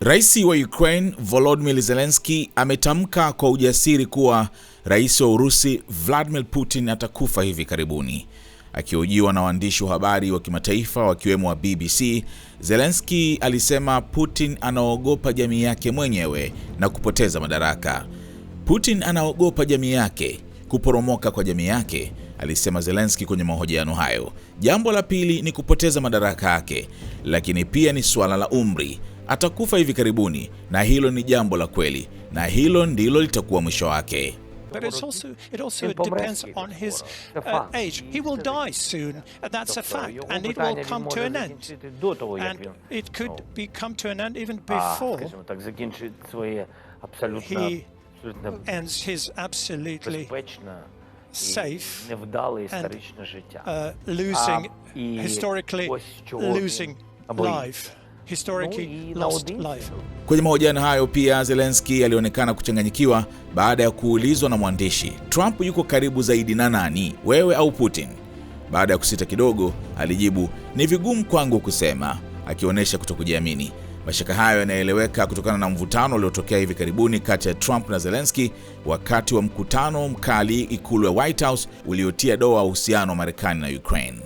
Rais wa Ukraine Volodymyr Zelensky ametamka kwa ujasiri kuwa Rais wa Urusi Vladimir Putin atakufa hivi karibuni. Akihojiwa na waandishi wa habari wa kimataifa wakiwemo wa BBC, Zelensky alisema Putin anaogopa jamii yake mwenyewe na kupoteza madaraka. Putin anaogopa jamii yake, kuporomoka kwa jamii yake, alisema Zelensky kwenye mahojiano hayo. Jambo la pili ni kupoteza madaraka yake, lakini pia ni suala la umri. atakufa hivi karibuni, na hilo ni jambo la kweli, na hilo ndilo litakuwa mwisho wake. But it's also, it also depends on his uh, age. He will die soon, and that's a fact, and it will come to an end. And it could be come to an end even ah, before he ends his absolutely safe and, uh, losing, historically losing life. Kwenye mahojiano hayo pia zelenski alionekana kuchanganyikiwa baada ya kuulizwa na mwandishi, Trump yuko karibu zaidi na nani, wewe au Putin? Baada ya kusita kidogo, alijibu, ni vigumu kwangu kusema, akionyesha kutokujiamini. Mashaka hayo yanaeleweka kutokana na mvutano uliotokea hivi karibuni kati ya Trump na zelenski wakati wa mkutano mkali ikulu ya White House uliotia doa uhusiano wa Marekani na Ukraine.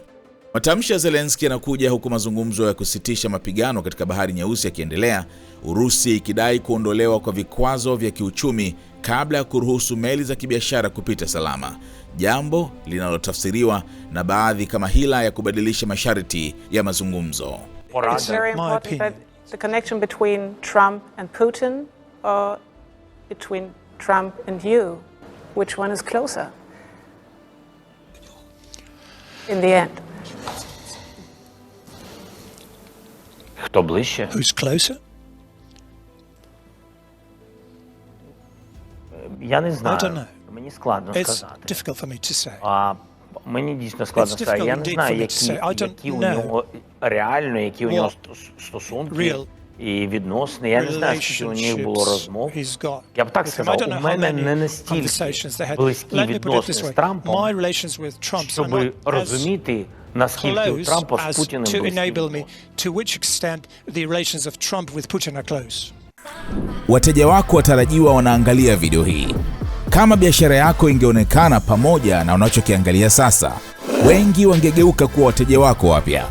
Matamshi ya Zelensky yanakuja huku mazungumzo ya kusitisha mapigano katika Bahari Nyeusi yakiendelea, Urusi ikidai kuondolewa kwa vikwazo vya kiuchumi kabla ya kuruhusu meli za kibiashara kupita salama, jambo linalotafsiriwa na baadhi kama hila ya kubadilisha masharti ya mazungumzo. In the end. Хто ближче? Who's closer? Я не I don't know. Мені складно It's сказати. difficult for me to say. А мені дійсно складно It's сказати. Я не знаю, які, які у нього реально, які у нього стосунки real і відносини. Я не знаю, скільки у них було розмов. Я б так сказав, у мене не настільки близькі відносини з Трампом, щоб розуміти Wateja wako watarajiwa wanaangalia video hii. Kama biashara yako ingeonekana pamoja na unachokiangalia sasa, wengi wangegeuka kuwa wateja wako wapya.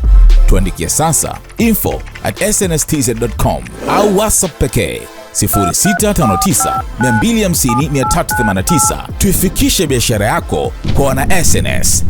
Tuandikie sasa info at snstz.com au WhatsApp pekee 0659 250 389. Tuifikishe biashara yako kwa wana SNS.